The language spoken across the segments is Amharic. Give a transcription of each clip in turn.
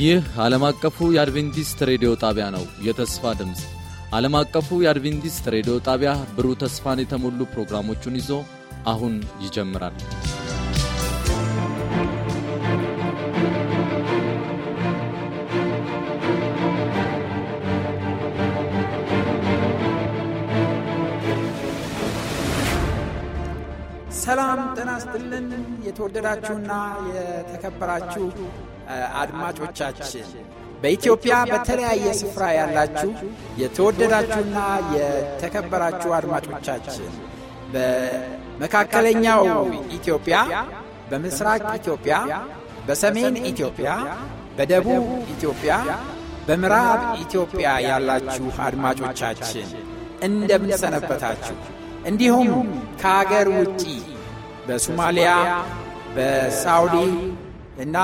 ይህ ዓለም አቀፉ የአድቬንቲስት ሬዲዮ ጣቢያ ነው። የተስፋ ድምፅ ዓለም አቀፉ የአድቬንቲስት ሬዲዮ ጣቢያ ብሩህ ተስፋን የተሞሉ ፕሮግራሞቹን ይዞ አሁን ይጀምራል። ሰላም ጤና የተወደዳችሁና የተከበራችሁ አድማጮቻችን በኢትዮጵያ በተለያየ ስፍራ ያላችሁ የተወደዳችሁና የተከበራችሁ አድማጮቻችን በመካከለኛው ኢትዮጵያ፣ በምስራቅ ኢትዮጵያ፣ በሰሜን ኢትዮጵያ፣ በደቡብ ኢትዮጵያ፣ በምዕራብ ኢትዮጵያ ያላችሁ አድማጮቻችን እንደምንሰነበታችሁ፣ እንዲሁም ከአገር ውጪ በሶማሊያ፣ በሳውዲ እና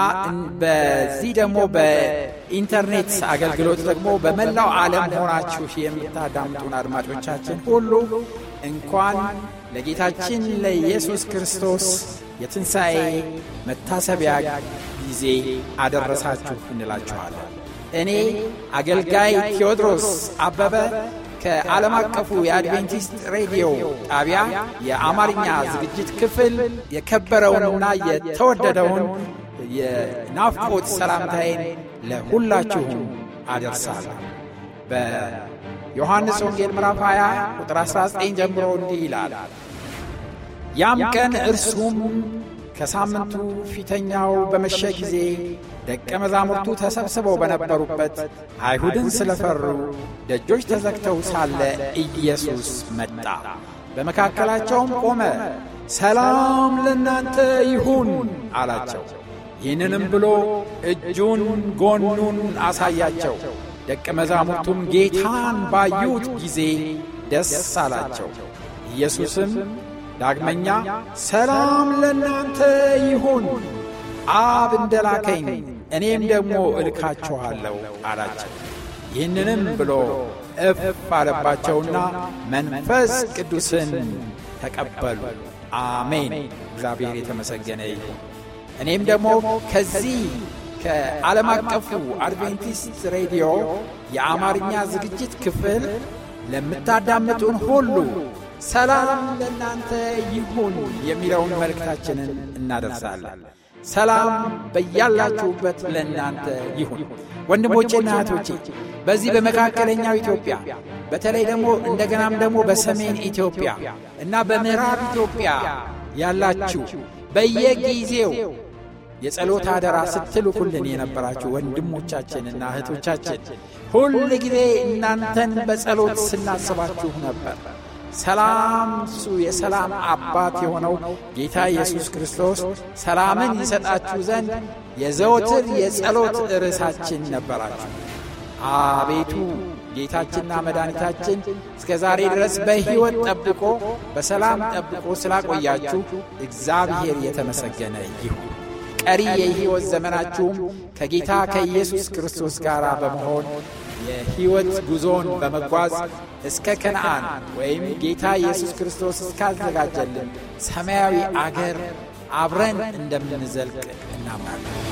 በዚህ ደግሞ በኢንተርኔት አገልግሎት ደግሞ በመላው ዓለም ሆናችሁ የምታዳምጡን አድማጮቻችን ሁሉ እንኳን ለጌታችን ለኢየሱስ ክርስቶስ የትንሣኤ መታሰቢያ ጊዜ አደረሳችሁ እንላችኋለን። እኔ አገልጋይ ቴዎድሮስ አበበ ከዓለም አቀፉ የአድቬንቲስት ሬዲዮ ጣቢያ የአማርኛ ዝግጅት ክፍል የከበረውንና የተወደደውን የናፍቆት ሰላምታዬን ለሁላችሁም አደርሳለሁ። በዮሐንስ ወንጌል ምዕራፍ 20 ቁጥር 19 ጀምሮ እንዲህ ይላል፣ ያም ቀን እርሱም ከሳምንቱ ፊተኛው በመሸ ጊዜ ደቀ መዛሙርቱ ተሰብስበው በነበሩበት አይሁድን ስለፈሩ ደጆች ተዘግተው ሳለ ኢየሱስ መጣ፣ በመካከላቸውም ቆመ። ሰላም ለእናንተ ይሁን አላቸው። ይህንንም ብሎ እጁን ጎኑን አሳያቸው። ደቀ መዛሙርቱም ጌታን ባዩት ጊዜ ደስ አላቸው። ኢየሱስም ዳግመኛ ሰላም ለእናንተ ይሁን፣ አብ እንደላከኝ እኔም ደግሞ እልካችኋለሁ አላቸው። ይህንንም ብሎ እፍ አለባቸውና መንፈስ ቅዱስን ተቀበሉ። አሜን። እግዚአብሔር የተመሰገነ ይሁን። እኔም ደግሞ ከዚህ ከዓለም አቀፉ አድቬንቲስት ሬዲዮ የአማርኛ ዝግጅት ክፍል ለምታዳምጡን ሁሉ ሰላም ለእናንተ ይሁን የሚለውን መልእክታችንን እናደርሳለን። ሰላም በያላችሁበት ለእናንተ ይሁን። ወንድሞቼና እህቶቼ በዚህ በመካከለኛው ኢትዮጵያ በተለይ ደግሞ እንደገናም ደግሞ በሰሜን ኢትዮጵያ እና በምዕራብ ኢትዮጵያ ያላችሁ በየጊዜው የጸሎት አደራ ስትልኩልን የነበራችሁ ወንድሞቻችንና እህቶቻችን ሁል ጊዜ እናንተን በጸሎት ስናስባችሁ ነበር። ሰላም እሱ የሰላም አባት የሆነው ጌታ ኢየሱስ ክርስቶስ ሰላምን ይሰጣችሁ ዘንድ የዘወትር የጸሎት ርዕሳችን ነበራችሁ። አቤቱ ጌታችንና መድኃኒታችን እስከ ዛሬ ድረስ በሕይወት ጠብቆ በሰላም ጠብቆ ስላቆያችሁ እግዚአብሔር የተመሰገነ ይሁን። ቀሪ የሕይወት ዘመናችሁም ከጌታ ከኢየሱስ ክርስቶስ ጋር በመሆን የሕይወት ጉዞን በመጓዝ እስከ ከነአን ወይም ጌታ ኢየሱስ ክርስቶስ እስካዘጋጀልን ሰማያዊ አገር አብረን እንደምንዘልቅ እናምናለን።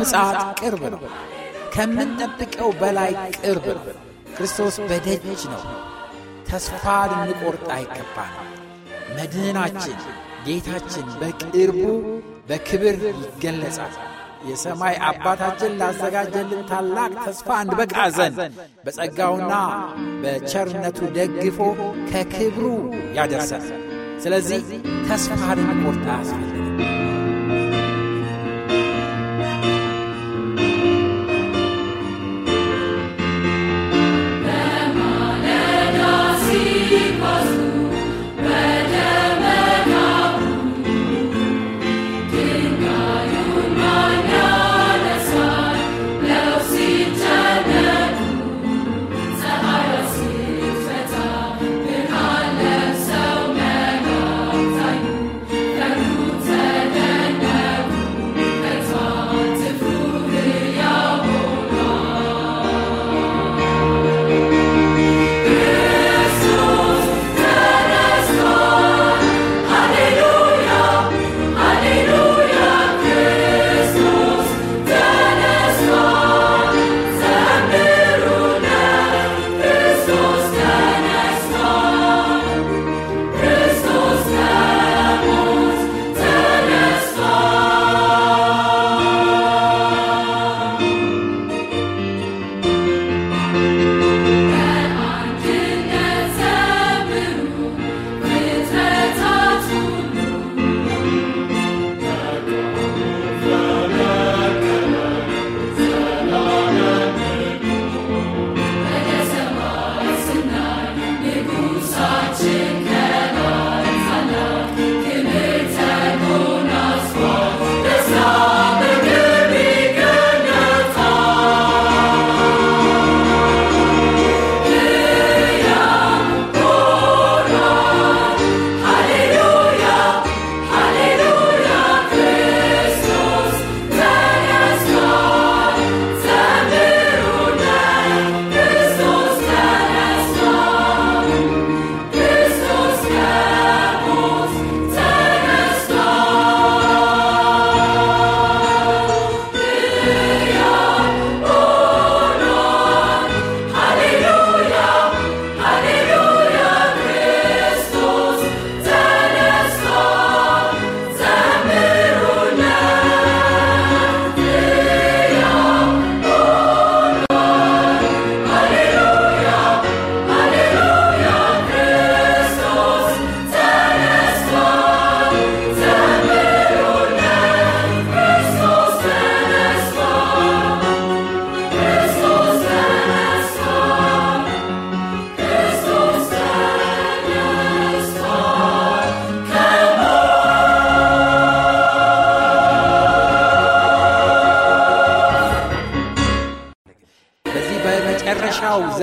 ምጽአት ቅርብ ነው። ከምንጠብቀው በላይ ቅርብ ነው። ክርስቶስ በደጅ ነው። ተስፋ ልንቆርጥ አይገባል። መድህናችን ጌታችን በቅርቡ በክብር ይገለጻል። የሰማይ አባታችን ላዘጋጀልን ታላቅ ተስፋ እንድንበቃ ዘንድ በጸጋውና በቸርነቱ ደግፎ ከክብሩ ያደርሰናል። ስለዚህ ተስፋ ልንቆርጥ አያስፈልግም።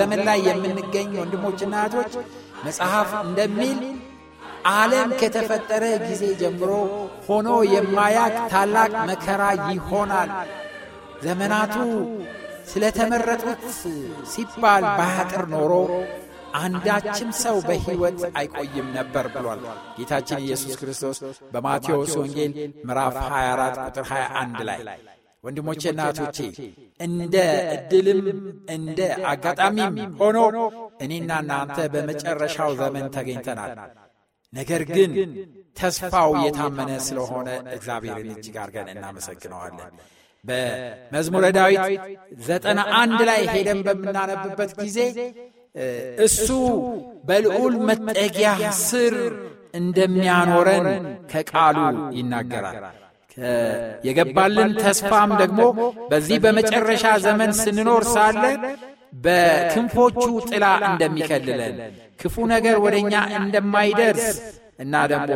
ዘመን ላይ የምንገኝ ወንድሞችና እህቶች መጽሐፍ እንደሚል ዓለም ከተፈጠረ ጊዜ ጀምሮ ሆኖ የማያቅ ታላቅ መከራ ይሆናል። ዘመናቱ ስለተመረጡት ሲባል ባያጥር ኖሮ አንዳችም ሰው በሕይወት አይቆይም ነበር ብሏል ጌታችን ኢየሱስ ክርስቶስ በማቴዎስ ወንጌል ምዕራፍ 24 ቁጥር 21 ላይ ወንድሞቼና እህቶቼ እንደ እድልም እንደ አጋጣሚም ሆኖ እኔና እናንተ በመጨረሻው ዘመን ተገኝተናል። ነገር ግን ተስፋው የታመነ ስለሆነ እግዚአብሔርን እጅግ አርገን እናመሰግነዋለን። በመዝሙረ ዳዊት ዘጠና አንድ ላይ ሄደን በምናነብበት ጊዜ እሱ በልዑል መጠጊያ ስር እንደሚያኖረን ከቃሉ ይናገራል። የገባልን ተስፋም ደግሞ በዚህ በመጨረሻ ዘመን ስንኖር ሳለ በክንፎቹ ጥላ እንደሚከልለን ክፉ ነገር ወደ እኛ እንደማይደርስ እና ደግሞ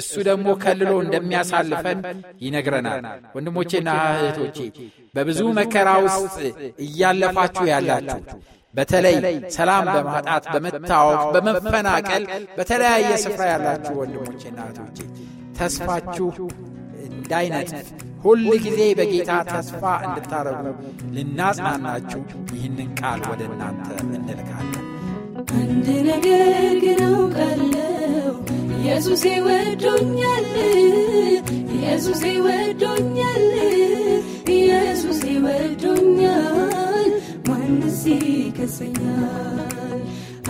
እሱ ደግሞ ከልሎ እንደሚያሳልፈን ይነግረናል። ወንድሞቼና እህቶቼ በብዙ መከራ ውስጥ እያለፋችሁ ያላችሁ በተለይ ሰላም በማጣት በመታወቅ፣ በመፈናቀል በተለያየ ስፍራ ያላችሁ ወንድሞቼና እህቶቼ ተስፋችሁ እንዳይነጥፍ ሁል ጊዜ በጌታ ተስፋ እንድታረጉ ልናጽናናችሁ ይህንን ቃል ወደ እናንተ እንልካለን። አንድ ነገር ግን አውቃለሁ፣ ኢየሱሴ ወዶኛል፣ ኢየሱስ ወዶኛል፣ ኢየሱስ ወዶኛል፣ ማንስ ይከሰኛል?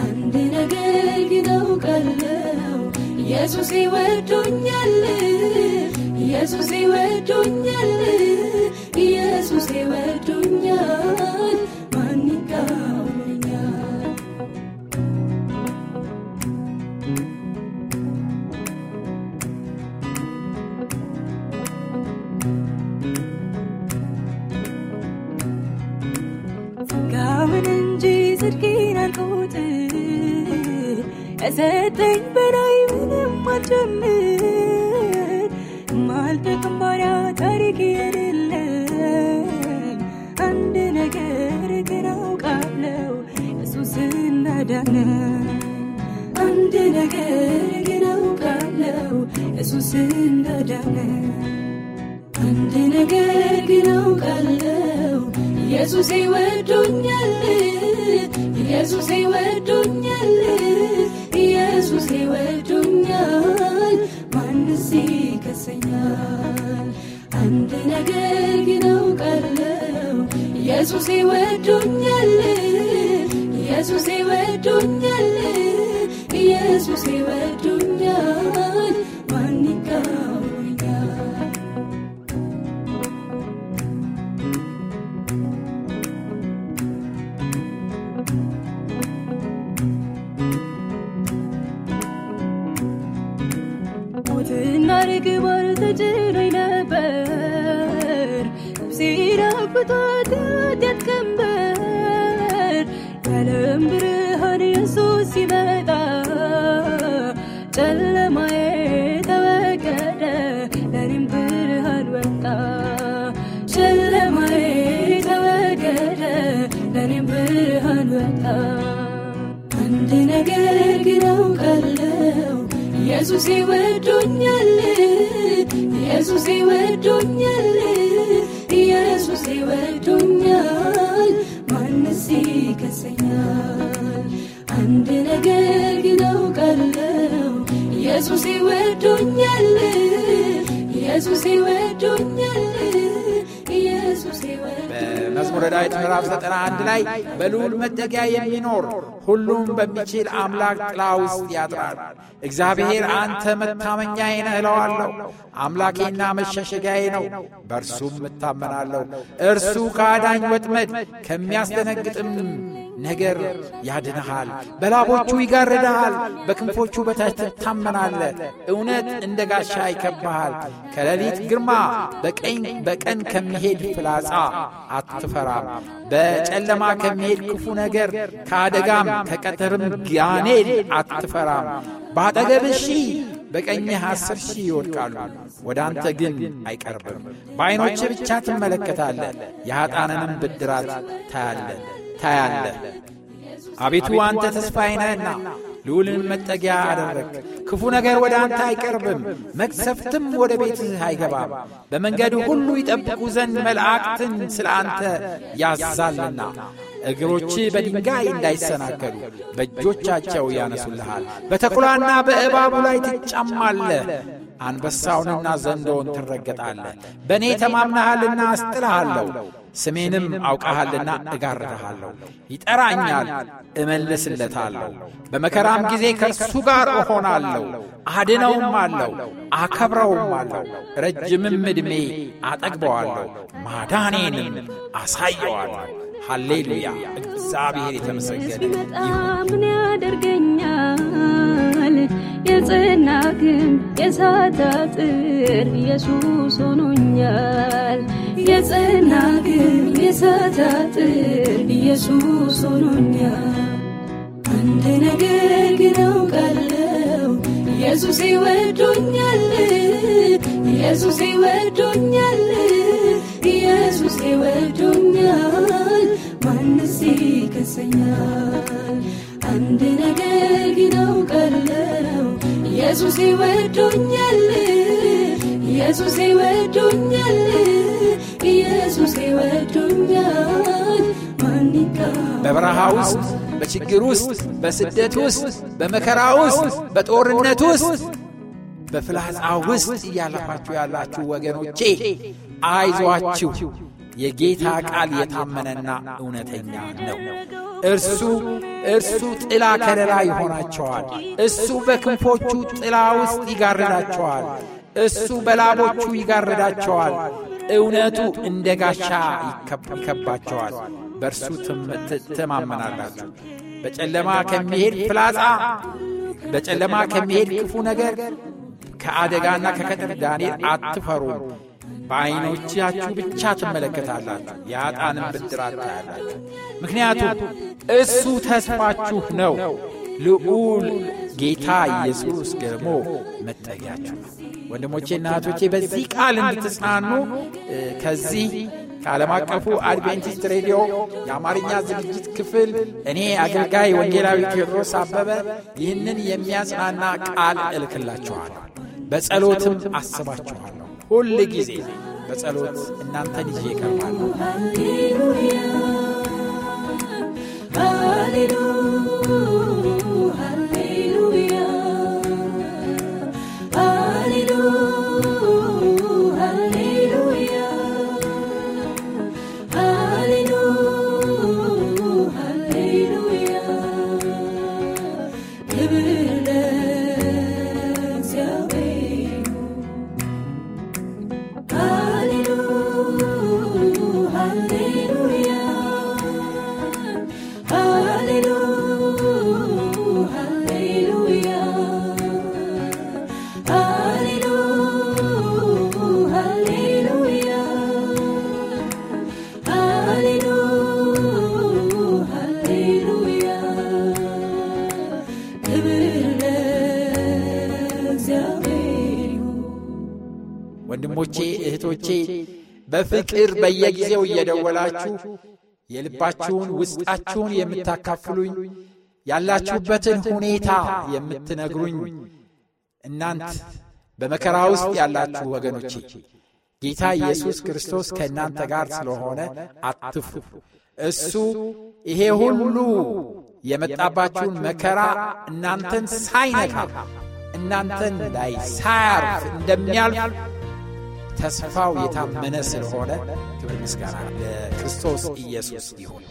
አንድ ነገር ግን አውቃለሁ፣ ኢየሱሴ ወዶኛል Yesusi wetu nyele, Yesusi wetu nyele, manika umenya. Gawin nji zirkin al kote, ezeteng bera imene matemene. ነገር የለም። አንድ ነገር ግን አውቃለው ኢየሱስን አዳነኝ። አንድ ነገር ግን አውቃለው ኢየሱስን አዳነኝ። አንድ ነገር ግን አውቃለው ኢየሱስ ይወዶኛል ኢየሱስ ይወድ ነገር ግነው ቀለው ኢየሱስ ይወዶኛል ኢየሱስ ይወዶኛል ኢየሱስ ይወዶኛል ማን ይቃወኛል ሞትና ርግባር ተጭ አጥፍቶ ክደት ቀንበር የዓለም ብርሃን ኢየሱስ ሲመጣ ጨለማዬ ተወገደ፣ ለኔም ብርሃን ወጣ። ጨለማዬ ተወገደ፣ ለኔም ብርሃን ወጣ። አንድ ነገር ግን አውቃለሁ ኢየሱስ ይወዶኛል፣ ኢየሱስ ይወዶኛል ኢየሱስ ይወዶኛል ኢየሱስ ይወዶኛል በመዝሙረ ዳዊት ምዕራፍ 91 ላይ በልዑል መጠጊያ የሚኖር ሁሉም በሚችል አምላክ ጥላ ውስጥ ያጥራል እግዚአብሔር አንተ መታመኛ ይነ እለዋለሁ አምላኬና መሸሸጊያዬ ነው በእርሱም እታመናለሁ እርሱ ከአዳኝ ወጥመድ ከሚያስደነግጥም ነገር ያድንሃል፣ በላቦቹ ይጋርድሃል፣ በክንፎቹ በታች ትታመናለ። እውነት እንደ ጋሻ ይከብሃል። ከሌሊት ግርማ በቀን ከሚሄድ ፍላጻ አትፈራም። በጨለማ ከሚሄድ ክፉ ነገር ከአደጋም ከቀትርም ጋኔል አትፈራም። በአጠገብህ ሺህ በቀኝህ አስር ሺህ ይወድቃሉ፣ ወደ አንተ ግን አይቀርብም። በዐይኖችህ ብቻ ትመለከታለህ፣ የኀጣንንም ብድራት ታያለህ። ታያለ አቤቱ አንተ ተስፋዬ ነህና ልዑልን መጠጊያ አደረግ። ክፉ ነገር ወደ አንተ አይቀርብም፣ መቅሰፍትም ወደ ቤትህ አይገባም። በመንገዱ ሁሉ ይጠብቁ ዘንድ መላእክትን ስለ አንተ ያዛልና እግሮች በድንጋይ እንዳይሰናከሉ በእጆቻቸው ያነሱልሃል። በተኩላና በእባቡ ላይ ትጫማለህ፣ አንበሳውንና ዘንዶውን ትረገጣለህ። በእኔ ተማምናሃልና አስጥልሃለሁ ስሜንም አውቀሃልና እጋርድሃለሁ። ይጠራኛል፣ እመልስለታለሁ። በመከራም ጊዜ ከእርሱ ጋር እሆናለሁ፣ አድነውም አለው፣ አከብረውም አለው። ረጅምም ዕድሜ አጠግበዋለሁ፣ ማዳኔንም አሳየዋለሁ። ሃሌሉያ! እግዚአብሔር የተመሰገነ ይሁን። የጽና ግንብ የሳት አጥር ኢየሱስ ሆኖኛል። የጽና ግንብ የሳት አጥር ኢየሱስ ሆኖኛል። አንድ ነገር ግን አውቃለሁ ኢየሱስ ይወዶኛል። ኢየሱስ ይወዶኛል። ኢየሱስ ይወዶኛል። ማንስ ይከሰኛል? አንድ ነገር ግነው ቀለው ኢየሱስ ይወዶኛል ኢየሱስ ይወዶኛል ኢየሱስ ይወዶኛል በበረሃ ውስጥ በችግር ውስጥ በስደት ውስጥ በመከራ ውስጥ በጦርነት ውስጥ በፍላጻ ውስጥ እያለፋችሁ ያላችሁ ወገኖቼ አይዟችሁ የጌታ ቃል የታመነና እውነተኛ ነው። እርሱ እርሱ ጥላ ከለላ ይሆናቸዋል። እሱ በክንፎቹ ጥላ ውስጥ ይጋርዳቸዋል። እሱ በላቦቹ ይጋርዳቸዋል። እውነቱ እንደ ጋሻ ይከባቸዋል። በእርሱ ትተማመናላችሁ። በጨለማ ከሚሄድ ፍላጻ በጨለማ ከሚሄድ ክፉ ነገር ከአደጋና ከቀትር ዳንኤል አትፈሩም። በዐይኖቻችሁ ብቻ ትመለከታላችሁ፣ የአጣንም ብድራት ታያላችሁ። ምክንያቱም እሱ ተስፋችሁ ነው። ልዑል ጌታ ኢየሱስ ደግሞ መጠጊያችሁ ነው። ወንድሞቼና እህቶቼ በዚህ ቃል እንድትጽናኑ ከዚህ ከዓለም አቀፉ አድቬንቲስት ሬዲዮ የአማርኛ ዝግጅት ክፍል እኔ አገልጋይ ወንጌላዊ ቴዎድሮስ አበበ ይህንን የሚያጽናና ቃል እልክላችኋለሁ። በጸሎትም አስባችኋለሁ። ሁል ጊዜ በጸሎት እናንተን ይዤ እቀርባለሁ። ሃሌሉያ ሃሌሉያ በፍቅር በየጊዜው እየደወላችሁ የልባችሁን ውስጣችሁን የምታካፍሉኝ ያላችሁበትን ሁኔታ የምትነግሩኝ እናንት በመከራ ውስጥ ያላችሁ ወገኖቼ ጌታ ኢየሱስ ክርስቶስ ከእናንተ ጋር ስለሆነ አትፍሩ። እሱ ይሄ ሁሉ የመጣባችሁን መከራ እናንተን ሳይነካ እናንተን ላይ ሳያርፍ እንደሚያልፍ ተስፋው የታመነ ስለሆነ ክብር ምስጋና ለክርስቶስ ኢየሱስ ይሁን።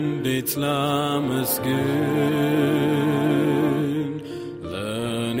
እንዴት ላመስግን ለእኔ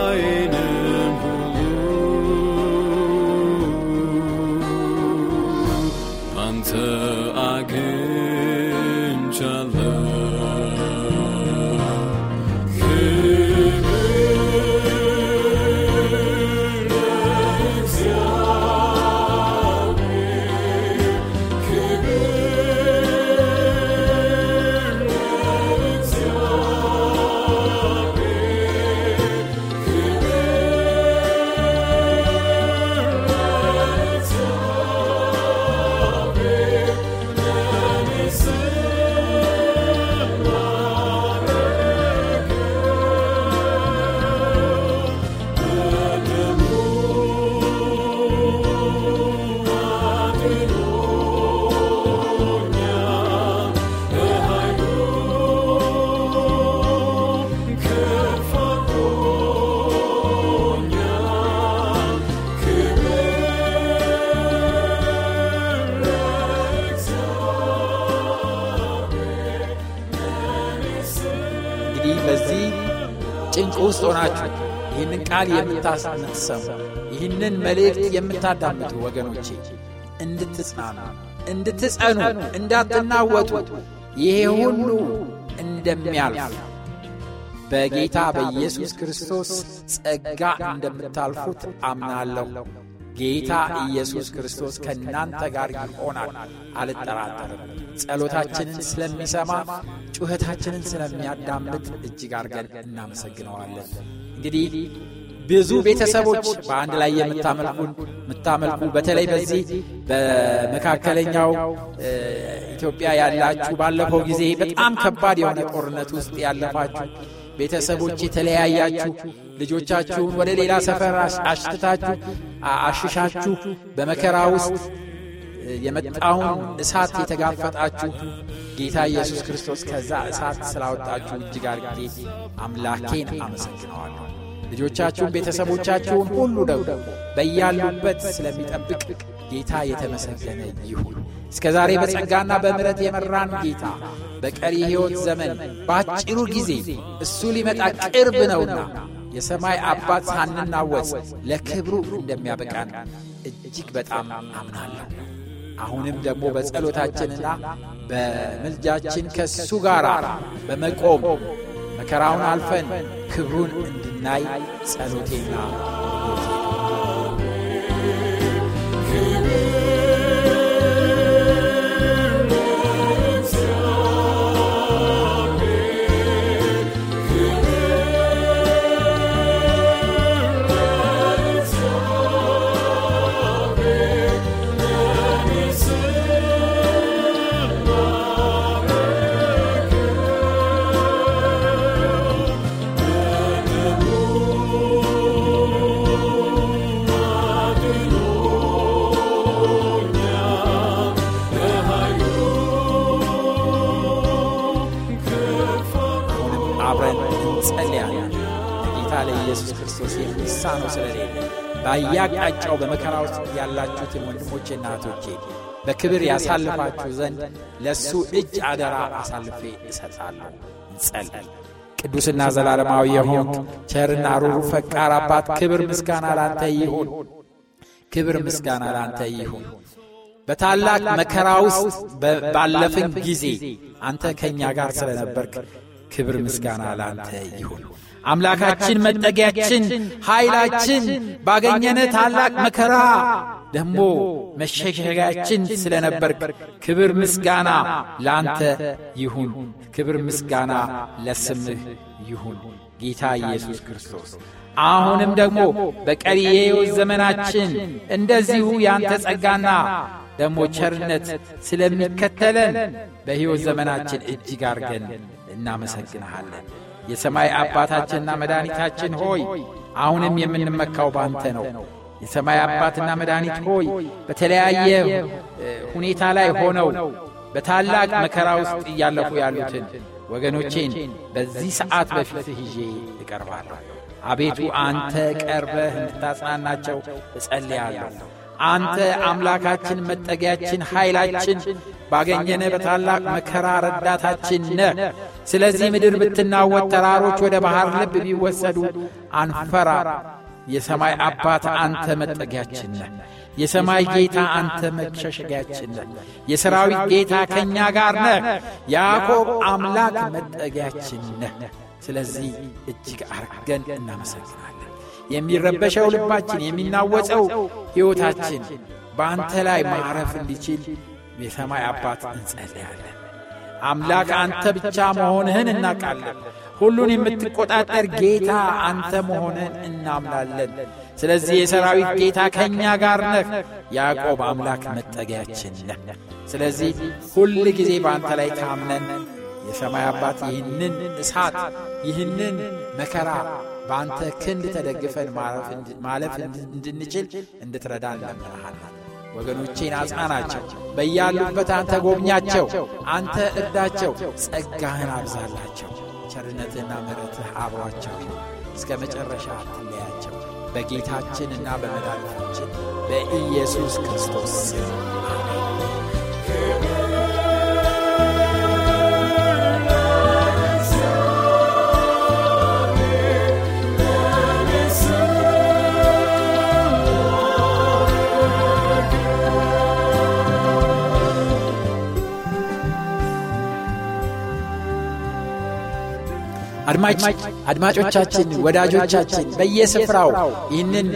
ቃል የምታሰሙ ይህንን መልእክት የምታዳምጡ ወገኖቼ እንድትጽናኑ እንድትጸኑ እንዳትናወጡ ይሄ ሁሉ እንደሚያልፍ በጌታ በኢየሱስ ክርስቶስ ጸጋ እንደምታልፉት አምናለሁ። ጌታ ኢየሱስ ክርስቶስ ከእናንተ ጋር ይሆናል፣ አልጠራጠርም። ጸሎታችንን ስለሚሰማ ጩኸታችንን ስለሚያዳምጥ እጅግ አድርገን እናመሰግነዋለን። እንግዲህ ብዙ ቤተሰቦች በአንድ ላይ የምታመልኩን የምታመልኩ በተለይ በዚህ በመካከለኛው ኢትዮጵያ ያላችሁ ባለፈው ጊዜ በጣም ከባድ የሆነ ጦርነት ውስጥ ያለፋችሁ ቤተሰቦች የተለያያችሁ ልጆቻችሁን ወደ ሌላ ሰፈር አሽትታችሁ አሽሻችሁ በመከራ ውስጥ የመጣውን እሳት የተጋፈጣችሁ ጌታ ኢየሱስ ክርስቶስ ከዛ እሳት ስላወጣችሁ እጅግ አድርጌ አምላኬን አመሰግነዋለሁ። ልጆቻችሁን፣ ቤተሰቦቻችሁን ሁሉ ደግሞ በያሉበት ስለሚጠብቅ ጌታ የተመሰገነ ይሁን። እስከ ዛሬ በጸጋና በምረት የመራን ጌታ በቀሪ ሕይወት ዘመን በአጭሩ ጊዜ እሱ ሊመጣ ቅርብ ነውና የሰማይ አባት ሳንናወጽ ለክብሩ እንደሚያበቃን እጅግ በጣም አምናለሁ። አሁንም ደግሞ በጸሎታችንና በምልጃችን ከእሱ ጋር በመቆም መከራውን አልፈን ክብሩን ናይ ጸሎቴና ባያቅጣጫው በመከራ ውስጥ ያላችሁትን ወንድሞቼ እናቶቼ በክብር ያሳልፋችሁ ዘንድ ለእሱ እጅ አደራ አሳልፌ እሰጣለሁ። እንጸልይ። ቅዱስና ዘላለማዊ የሆንክ ቸርና ሩሩ ፈቃር አባት ክብር ምስጋና ላንተ ይሁን። ክብር ምስጋና ላንተ ይሁን። በታላቅ መከራ ውስጥ ባለፍን ጊዜ አንተ ከእኛ ጋር ስለነበርክ ክብር ምስጋና ላንተ ይሁን። አምላካችን መጠጊያችን፣ ኃይላችን ባገኘነ ታላቅ መከራ ደግሞ መሸሸጋያችን ስለ ነበርክ ክብር ምስጋና ለአንተ ይሁን። ክብር ምስጋና ለስምህ ይሁን ጌታ ኢየሱስ ክርስቶስ። አሁንም ደግሞ በቀሪ የሕይወት ዘመናችን እንደዚሁ ያንተ ጸጋና ደግሞ ቸርነት ስለሚከተለን በሕይወት ዘመናችን እጅግ አርገን እናመሰግንሃለን። የሰማይ አባታችንና መድኃኒታችን ሆይ አሁንም የምንመካው ባንተ ነው። የሰማይ አባትና መድኃኒት ሆይ በተለያየ ሁኔታ ላይ ሆነው በታላቅ መከራ ውስጥ እያለፉ ያሉትን ወገኖቼን በዚህ ሰዓት በፊት ይዤ እቀርባለሁ። አቤቱ አንተ ቀርበህ እንድታጽናናቸው እጸልያለሁ። አንተ አምላካችን፣ መጠጊያችን፣ ኃይላችን ባገኘነ በታላቅ መከራ ረዳታችን ነ ስለዚህ ምድር ብትናወጥ፣ ተራሮች ወደ ባሕር ልብ ቢወሰዱ አንፈራ። የሰማይ አባት አንተ መጠጊያችን ነ የሰማይ ጌታ አንተ መሸሸጊያችን ነ የሰራዊት ጌታ ከእኛ ጋር ነ ያዕቆብ አምላክ መጠጊያችን ነ ስለዚህ እጅግ አርገን እናመሰግናል። የሚረበሸው ልባችን፣ የሚናወጸው ሕይወታችን በአንተ ላይ ማዕረፍ እንዲችል የሰማይ አባት እንጸልያለን። አምላክ አንተ ብቻ መሆንህን እናቃለን ሁሉን የምትቆጣጠር ጌታ አንተ መሆንህን እናምናለን። ስለዚህ የሰራዊት ጌታ ከእኛ ጋር ነህ። ያዕቆብ አምላክ መጠጊያችን ነህ። ስለዚህ ሁል ጊዜ በአንተ ላይ ታምነን የሰማይ አባት ይህንን እሳት ይህንን መከራ በአንተ ክንድ ተደግፈን ማለፍ እንድንችል እንድትረዳን እንለምንሃለን። ወገኖቼን አጽናናቸው፣ በያሉበት አንተ ጎብኛቸው፣ አንተ እርዳቸው፣ ጸጋህን አብዛላቸው፣ ቸርነትና ምረትህ አብሯቸው እስከ መጨረሻ አትለያቸው። በጌታችንና በመዳናችን በኢየሱስ ክርስቶስ አሜን። አድማጮቻችን፣ ወዳጆቻችን በየስፍራው ይህንን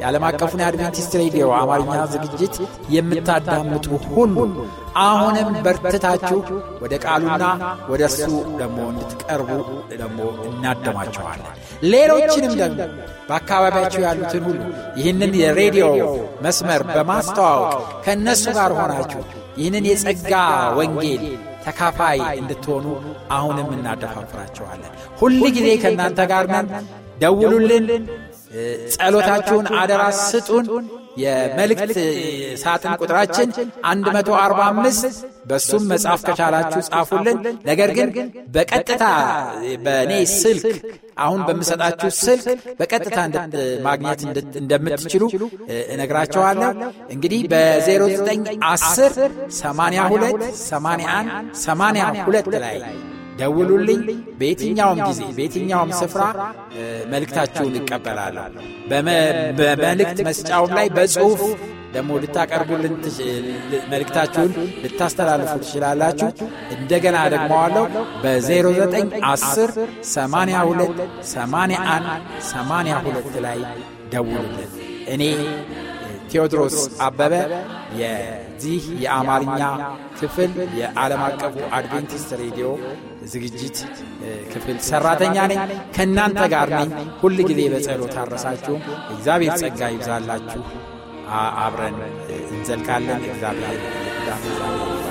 የዓለም አቀፉን የአድቬንቲስት ሬዲዮ አማርኛ ዝግጅት የምታዳምጡ ሁሉ አሁንም በርትታችሁ ወደ ቃሉና ወደ እሱ ደግሞ እንድትቀርቡ ደግሞ እናደማችኋለን። ሌሎችንም ደግሞ በአካባቢያቸው ያሉትን ሁሉ ይህንን የሬዲዮ መስመር በማስተዋወቅ ከእነሱ ጋር ሆናችሁ ይህንን የጸጋ ወንጌል ተካፋይ እንድትሆኑ አሁንም እናደፋፍራችኋለን። ሁል ጊዜ ከእናንተ ጋር ነን። ደውሉልን። ጸሎታችሁን አደራ ስጡን። የመልእክት ሳጥን ቁጥራችን 145 በሱም መጽሐፍ ከቻላችሁ ጻፉልን። ነገር ግን በቀጥታ በእኔ ስልክ አሁን በምሰጣችሁ ስልክ በቀጥታ ማግኘት እንደምትችሉ እነግራቸዋለሁ። እንግዲህ በ0910 82 81 82 ላይ ደውሉልኝ። በየትኛውም ጊዜ በየትኛውም ስፍራ መልእክታችሁን እቀበላለሁ። በመልእክት መስጫውም ላይ በጽሁፍ ደግሞ ልታቀርቡልን መልእክታችሁን ልታስተላልፉ ትችላላችሁ። እንደገና ደግመዋለሁ በ0910 82 81 82 ላይ ደውሉልን። እኔ ቴዎድሮስ አበበ የዚህ የአማርኛ ክፍል የዓለም አቀፉ አድቬንቲስት ሬዲዮ ዝግጅት ክፍል ሰራተኛ ነኝ። ከእናንተ ጋር ነኝ። ሁል ጊዜ በጸሎት አረሳችሁ። እግዚአብሔር ጸጋ ይብዛላችሁ። አብረን እንዘልቃለን። እግዚአብሔር ይባርክ።